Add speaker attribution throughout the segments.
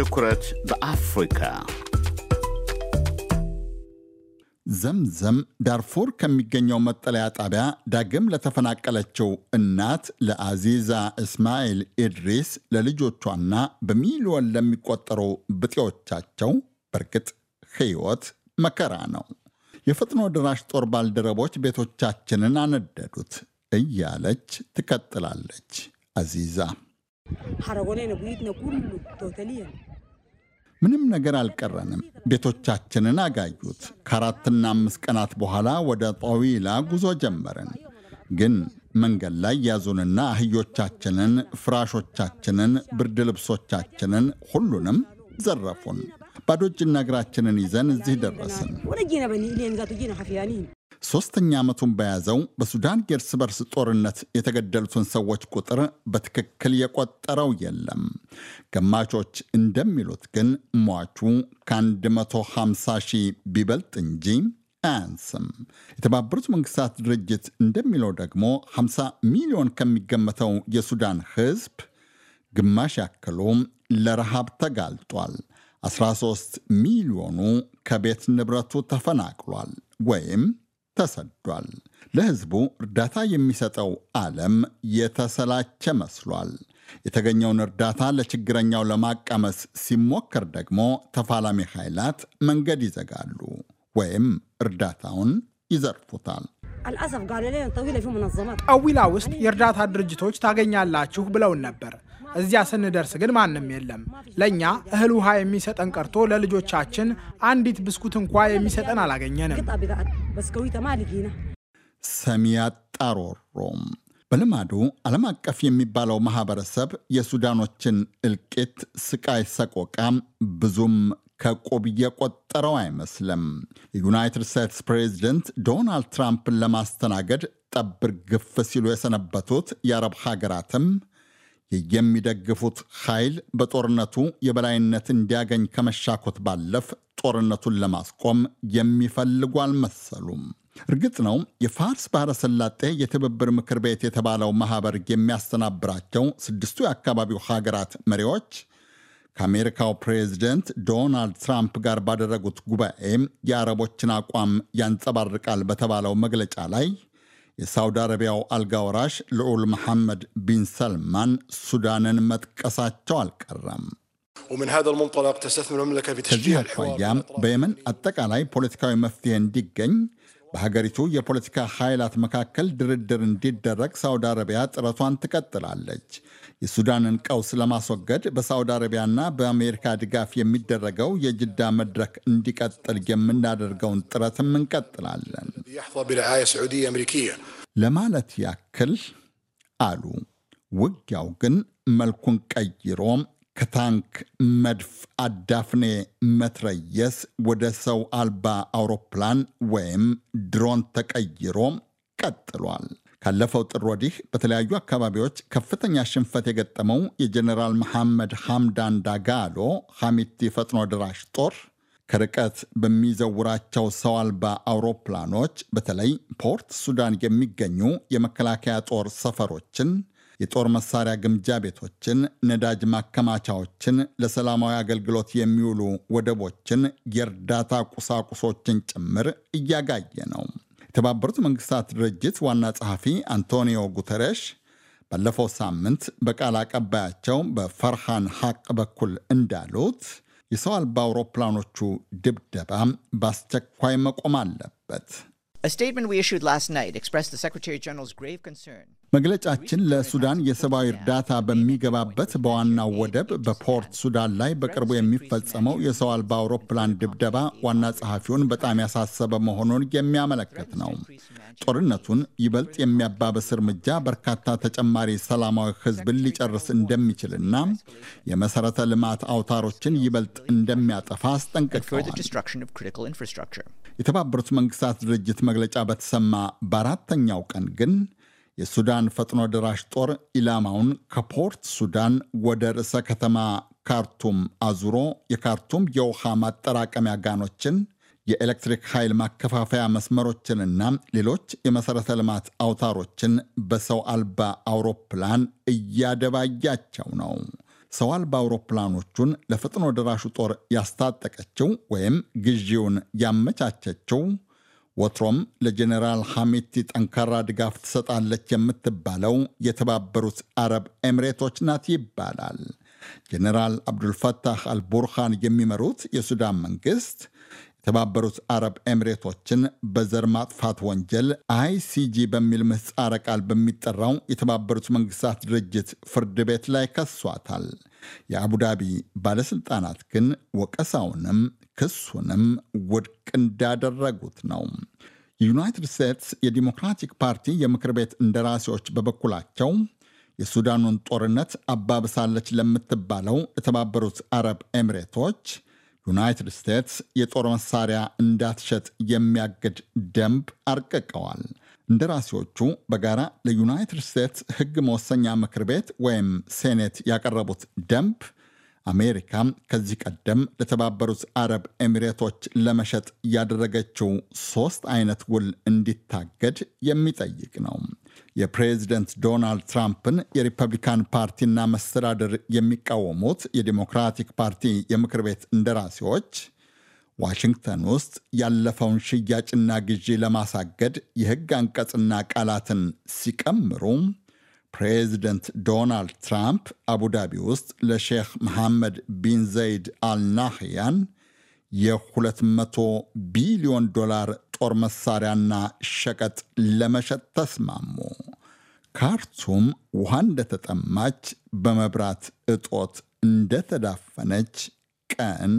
Speaker 1: ትኩረት በአፍሪካ ዘምዘም ዳርፉር ከሚገኘው መጠለያ ጣቢያ ዳግም ለተፈናቀለችው እናት ለአዚዛ እስማኤል ኢድሪስ ለልጆቿና በሚሊዮን ለሚቆጠሩ ብጤዎቻቸው በእርግጥ ሕይወት መከራ ነው። የፈጥኖ ድራሽ ጦር ባልደረቦች ቤቶቻችንን አነደዱት እያለች ትቀጥላለች አዚዛ ምንም ነገር አልቀረንም። ቤቶቻችንን አጋዩት። ከአራትና አምስት ቀናት በኋላ ወደ ጣዊላ ጉዞ ጀመርን። ግን መንገድ ላይ ያዙንና አህዮቻችንን፣ ፍራሾቻችንን፣ ብርድ ልብሶቻችንን፣ ሁሉንም ዘረፉን። ባዶ እጅና እግራችንን ይዘን እዚህ ደረስን። ሶስተኛ ዓመቱን በያዘው በሱዳን የእርስ በርስ ጦርነት የተገደሉትን ሰዎች ቁጥር በትክክል የቆጠረው የለም። ገማቾች እንደሚሉት ግን ሟቹ ከ150 ሺህ ቢበልጥ እንጂ አያንስም። የተባበሩት መንግስታት ድርጅት እንደሚለው ደግሞ 50 ሚሊዮን ከሚገመተው የሱዳን ህዝብ ግማሽ ያክሉ ለረሃብ ተጋልጧል። 13 ሚሊዮኑ ከቤት ንብረቱ ተፈናቅሏል ወይም ተሰዷል። ለሕዝቡ እርዳታ የሚሰጠው ዓለም የተሰላቸ መስሏል። የተገኘውን እርዳታ ለችግረኛው ለማቀመስ ሲሞከር ደግሞ ተፋላሚ ኃይላት መንገድ ይዘጋሉ ወይም እርዳታውን ይዘርፉታል። ጣዊላ ውስጥ የእርዳታ ድርጅቶች ታገኛላችሁ ብለውን ነበር። እዚያ ስንደርስ ግን ማንም የለም። ለእኛ እህል ውሃ የሚሰጠን ቀርቶ ለልጆቻችን አንዲት ብስኩት እንኳ የሚሰጠን አላገኘንም። ሰሚያ ጣሮሮም በልማዱ ዓለም አቀፍ የሚባለው ማህበረሰብ የሱዳኖችን እልቂት፣ ስቃይ፣ ሰቆቃ ብዙም ከቁብ የቆጠረው አይመስልም። የዩናይትድ ስቴትስ ፕሬዚደንት ዶናልድ ትራምፕን ለማስተናገድ ጠብር ግፍ ሲሉ የሰነበቱት የአረብ ሀገራትም የሚደግፉት ኃይል በጦርነቱ የበላይነት እንዲያገኝ ከመሻኮት ባለፍ ጦርነቱን ለማስቆም የሚፈልጉ አልመሰሉም። እርግጥ ነው የፋርስ ባሕረ ሰላጤ የትብብር ምክር ቤት የተባለው ማኅበር የሚያስተናብራቸው ስድስቱ የአካባቢው ሀገራት መሪዎች ከአሜሪካው ፕሬዝደንት ዶናልድ ትራምፕ ጋር ባደረጉት ጉባኤ የአረቦችን አቋም ያንጸባርቃል በተባለው መግለጫ ላይ የሳውዲ አረቢያው አልጋ ወራሽ ልዑል መሐመድ ቢን ሰልማን ሱዳንን መጥቀሳቸው አልቀረም። ከዚህ አኳያም በየመን አጠቃላይ ፖለቲካዊ መፍትሄ እንዲገኝ በሀገሪቱ የፖለቲካ ኃይላት መካከል ድርድር እንዲደረግ ሳውዲ አረቢያ ጥረቷን ትቀጥላለች። የሱዳንን ቀውስ ለማስወገድ በሳውዲ አረቢያና በአሜሪካ ድጋፍ የሚደረገው የጅዳ መድረክ እንዲቀጥል የምናደርገውን ጥረትም እንቀጥላለን ለማለት ያክል አሉ። ውጊያው ግን መልኩን ቀይሮም ከታንክ መድፍ አዳፍኔ መትረየስ ወደ ሰው አልባ አውሮፕላን ወይም ድሮን ተቀይሮ ቀጥሏል። ካለፈው ጥር ወዲህ በተለያዩ አካባቢዎች ከፍተኛ ሽንፈት የገጠመው የጀኔራል መሐመድ ሐምዳን ዳጋሎ ሐሚቲ ፈጥኖ ድራሽ ጦር ከርቀት በሚዘውራቸው ሰው አልባ አውሮፕላኖች በተለይ ፖርት ሱዳን የሚገኙ የመከላከያ ጦር ሰፈሮችን የጦር መሳሪያ ግምጃ ቤቶችን፣ ነዳጅ ማከማቻዎችን፣ ለሰላማዊ አገልግሎት የሚውሉ ወደቦችን፣ የእርዳታ ቁሳቁሶችን ጭምር እያጋየ ነው። የተባበሩት መንግስታት ድርጅት ዋና ጸሐፊ አንቶኒዮ ጉተረሽ ባለፈው ሳምንት በቃል አቀባያቸው በፈርሃን ሐቅ በኩል እንዳሉት የሰው አልባ አውሮፕላኖቹ ድብደባ በአስቸኳይ መቆም አለበት። መግለጫችን ለሱዳን የሰብአዊ እርዳታ በሚገባበት በዋናው ወደብ በፖርት ሱዳን ላይ በቅርቡ የሚፈጸመው የሰው አልባ አውሮፕላን ድብደባ ዋና ጸሐፊውን በጣም ያሳሰበ መሆኑን የሚያመለክት ነው። ጦርነቱን ይበልጥ የሚያባብስ እርምጃ በርካታ ተጨማሪ ሰላማዊ ሕዝብን ሊጨርስ እንደሚችልና የመሠረተ ልማት አውታሮችን ይበልጥ እንደሚያጠፋ አስጠንቅቀዋል። የተባበሩት መንግስታት ድርጅት መግለጫ በተሰማ በአራተኛው ቀን ግን የሱዳን ፈጥኖ ደራሽ ጦር ኢላማውን ከፖርት ሱዳን ወደ ርዕሰ ከተማ ካርቱም አዙሮ የካርቱም የውሃ ማጠራቀሚያ ጋኖችን፣ የኤሌክትሪክ ኃይል ማከፋፈያ መስመሮችንና ሌሎች የመሠረተ ልማት አውታሮችን በሰው አልባ አውሮፕላን እያደባያቸው ነው። ሰው አልባ አውሮፕላኖቹን ለፈጥኖ ደራሹ ጦር ያስታጠቀችው ወይም ግዢውን ያመቻቸችው ወትሮም ለጀኔራል ሐሚቲ ጠንካራ ድጋፍ ትሰጣለች የምትባለው የተባበሩት አረብ ኤምሬቶች ናት ይባላል። ጀኔራል አብዱልፈታህ አልቡርሃን የሚመሩት የሱዳን መንግሥት የተባበሩት አረብ ኤምሬቶችን በዘር ማጥፋት ወንጀል አይሲጂ በሚል ምህጻረ ቃል በሚጠራው የተባበሩት መንግስታት ድርጅት ፍርድ ቤት ላይ ከሷታል። የአቡዳቢ ባለስልጣናት ግን ወቀሳውንም ክሱንም ውድቅ እንዳደረጉት ነው። የዩናይትድ ስቴትስ የዲሞክራቲክ ፓርቲ የምክር ቤት እንደራሴዎች በበኩላቸው የሱዳኑን ጦርነት አባብሳለች ለምትባለው የተባበሩት አረብ ኤምሬቶች። ዩናይትድ ስቴትስ የጦር መሳሪያ እንዳትሸጥ የሚያግድ ደንብ አርቅቀዋል። እንደራሴዎቹ በጋራ ለዩናይትድ ስቴትስ ሕግ መወሰኛ ምክር ቤት ወይም ሴኔት ያቀረቡት ደንብ አሜሪካ ከዚህ ቀደም ለተባበሩት አረብ ኤሚሬቶች ለመሸጥ ያደረገችው ሶስት አይነት ውል እንዲታገድ የሚጠይቅ ነው። የፕሬዚደንት ዶናልድ ትራምፕን የሪፐብሊካን ፓርቲና መስተዳድር የሚቃወሙት የዲሞክራቲክ ፓርቲ የምክር ቤት እንደራሴዎች ዋሽንግተን ውስጥ ያለፈውን ሽያጭና ግዢ ለማሳገድ የሕግ አንቀጽና ቃላትን ሲቀምሩ ፕሬዚደንት ዶናልድ ትራምፕ አቡዳቢ ውስጥ ለሼክ መሐመድ ቢን ዘይድ አልናህያን የ200 ቢሊዮን ዶላር ጦር መሳሪያና ሸቀጥ ለመሸጥ ተስማሙ። ካርቱም ውሃ እንደተጠማች፣ በመብራት እጦት እንደተዳፈነች ቀን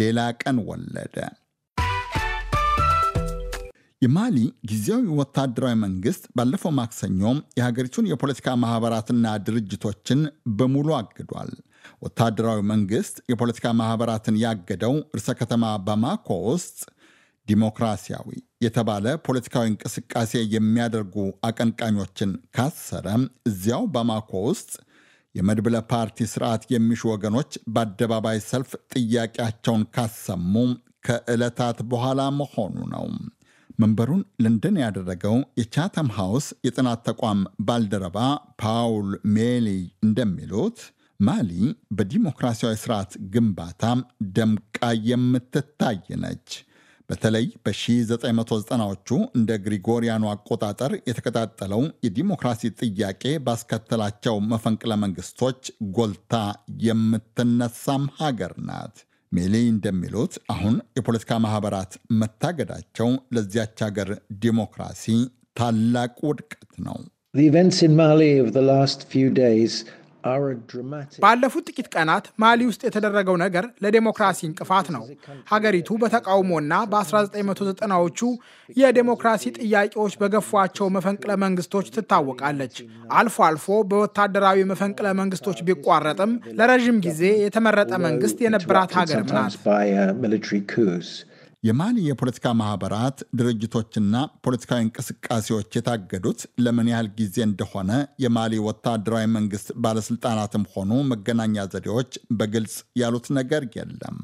Speaker 1: ሌላ ቀን ወለደ። የማሊ ጊዜያዊ ወታደራዊ መንግስት ባለፈው ማክሰኞ የሀገሪቱን የፖለቲካ ማህበራትና ድርጅቶችን በሙሉ አግዷል። ወታደራዊ መንግስት የፖለቲካ ማህበራትን ያገደው እርሰ ከተማ ባማኮ ውስጥ ዲሞክራሲያዊ የተባለ ፖለቲካዊ እንቅስቃሴ የሚያደርጉ አቀንቃኞችን ካሰረ፣ እዚያው ባማኮ ውስጥ የመድብለ ፓርቲ ስርዓት የሚሹ ወገኖች በአደባባይ ሰልፍ ጥያቄያቸውን ካሰሙ ከዕለታት በኋላ መሆኑ ነው። መንበሩን ለንደን ያደረገው የቻተም ሃውስ የጥናት ተቋም ባልደረባ ፓውል ሜሊ እንደሚሉት ማሊ በዲሞክራሲያዊ ስርዓት ግንባታ ደምቃ የምትታይ ነች። በተለይ በ1990ዎቹ እንደ ግሪጎሪያኑ አቆጣጠር የተቀጣጠለው የዲሞክራሲ ጥያቄ ባስከተላቸው መፈንቅለ መንግስቶች ጎልታ የምትነሳም ሀገር ናት። ሜሊ እንደሚሉት አሁን የፖለቲካ ማህበራት መታገዳቸው ለዚያች ሀገር ዲሞክራሲ ታላቅ ውድቀት ነው። The events in Mali of the last few days ባለፉት ጥቂት ቀናት ማሊ ውስጥ የተደረገው ነገር ለዴሞክራሲ እንቅፋት ነው። ሀገሪቱ በተቃውሞና በ1990ዎቹ የዴሞክራሲ ጥያቄዎች በገፏቸው መፈንቅለ መንግስቶች ትታወቃለች። አልፎ አልፎ በወታደራዊ መፈንቅለ መንግስቶች ቢቋረጥም ለረዥም ጊዜ የተመረጠ መንግስት የነበራት ሀገርም ናት። የማሊ የፖለቲካ ማህበራት ድርጅቶችና ፖለቲካዊ እንቅስቃሴዎች የታገዱት ለምን ያህል ጊዜ እንደሆነ የማሊ ወታደራዊ መንግስት ባለስልጣናትም ሆኑ መገናኛ ዘዴዎች በግልጽ ያሉት ነገር የለም።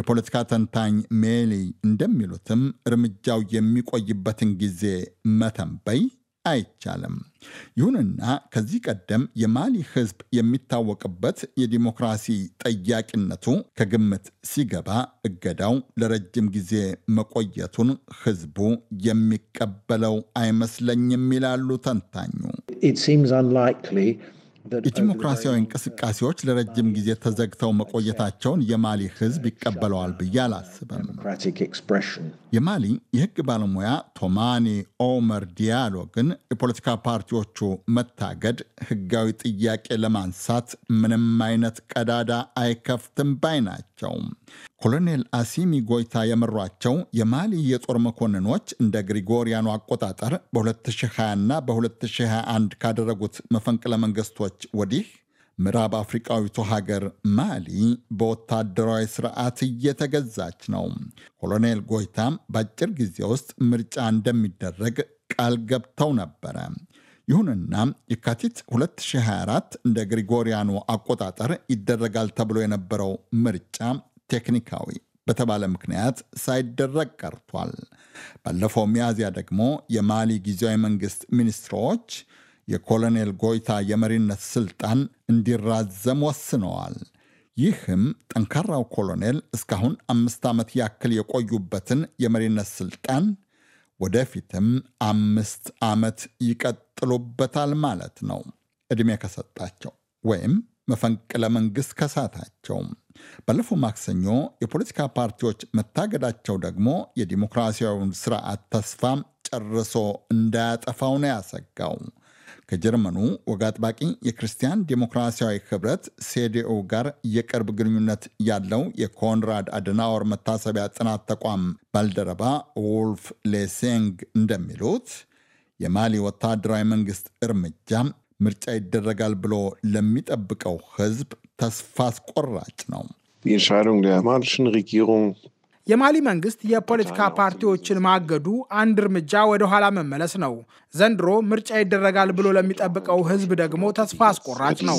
Speaker 1: የፖለቲካ ተንታኝ ሜሊ እንደሚሉትም እርምጃው የሚቆይበትን ጊዜ መተንበይ አይቻልም። ይሁንና ከዚህ ቀደም የማሊ ሕዝብ የሚታወቅበት የዲሞክራሲ ጠያቂነቱ ከግምት ሲገባ እገዳው ለረጅም ጊዜ መቆየቱን ሕዝቡ የሚቀበለው አይመስለኝም ይላሉ ተንታኙ። የዲሞክራሲያዊ እንቅስቃሴዎች ለረጅም ጊዜ ተዘግተው መቆየታቸውን የማሊ ሕዝብ ይቀበለዋል ብዬ አላስብም። የማሊ የሕግ ባለሙያ ቶማኒ ኦመር ዲያሎ ግን የፖለቲካ ፓርቲዎቹ መታገድ ሕጋዊ ጥያቄ ለማንሳት ምንም አይነት ቀዳዳ አይከፍትም ባይ ናቸው። ኮሎኔል አሲሚ ጎይታ የመሯቸው የማሊ የጦር መኮንኖች እንደ ግሪጎሪያኑ አቆጣጠር በ2020ና በ2021 ካደረጉት መፈንቅለ መንግስቶች ወዲህ ምዕራብ አፍሪቃዊቱ ሀገር ማሊ በወታደራዊ ስርዓት እየተገዛች ነው። ኮሎኔል ጎይታ በአጭር ጊዜ ውስጥ ምርጫ እንደሚደረግ ቃል ገብተው ነበረ። ይሁንና የካቲት 2024 እንደ ግሪጎሪያኑ አቆጣጠር ይደረጋል ተብሎ የነበረው ምርጫ ቴክኒካዊ በተባለ ምክንያት ሳይደረግ ቀርቷል። ባለፈው ሚያዝያ ደግሞ የማሊ ጊዜያዊ መንግስት ሚኒስትሮች የኮሎኔል ጎይታ የመሪነት ስልጣን እንዲራዘም ወስነዋል። ይህም ጠንካራው ኮሎኔል እስካሁን አምስት ዓመት ያክል የቆዩበትን የመሪነት ስልጣን ወደፊትም አምስት ዓመት ይቀጥሉበታል ማለት ነው። ዕድሜ ከሰጣቸው ወይም መፈንቅለ መንግሥት ከሳታቸው ባለፈው ማክሰኞ የፖለቲካ ፓርቲዎች መታገዳቸው ደግሞ የዲሞክራሲያዊውን ስርዓት ተስፋም ጨርሶ እንዳያጠፋው ነው ያሰጋው። ከጀርመኑ ወግ አጥባቂ የክርስቲያን ዴሞክራሲያዊ ህብረት ሴዲኡ ጋር የቅርብ ግንኙነት ያለው የኮንራድ አደናወር መታሰቢያ ጥናት ተቋም ባልደረባ ውልፍ ሌሴንግ እንደሚሉት የማሊ ወታደራዊ መንግስት እርምጃም ምርጫ ይደረጋል ብሎ ለሚጠብቀው ህዝብ ተስፋ አስቆራጭ ነው። የማሊ መንግስት የፖለቲካ ፓርቲዎችን ማገዱ አንድ እርምጃ ወደ ኋላ መመለስ ነው። ዘንድሮ ምርጫ ይደረጋል ብሎ ለሚጠብቀው ህዝብ ደግሞ ተስፋ አስቆራጭ ነው።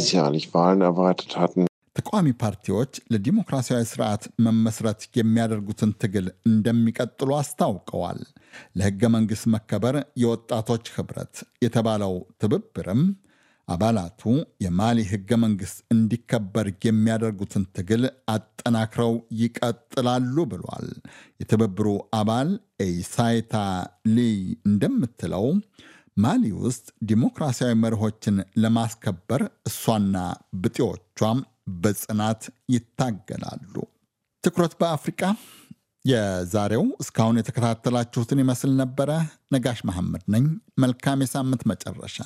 Speaker 1: ተቃዋሚ ፓርቲዎች ለዲሞክራሲያዊ ስርዓት መመስረት የሚያደርጉትን ትግል እንደሚቀጥሉ አስታውቀዋል። ለህገ መንግስት መከበር የወጣቶች ህብረት የተባለው ትብብርም አባላቱ የማሊ ህገ መንግስት እንዲከበር የሚያደርጉትን ትግል አጠናክረው ይቀጥላሉ ብሏል። የትብብሩ አባል ኤይሳይታ ሊ እንደምትለው ማሊ ውስጥ ዲሞክራሲያዊ መርሆችን ለማስከበር እሷና ብጤዎቿም በጽናት ይታገላሉ። ትኩረት በአፍሪቃ የዛሬው እስካሁን የተከታተላችሁትን ይመስል ነበረ። ነጋሽ መሐመድ ነኝ። መልካም የሳምንት መጨረሻ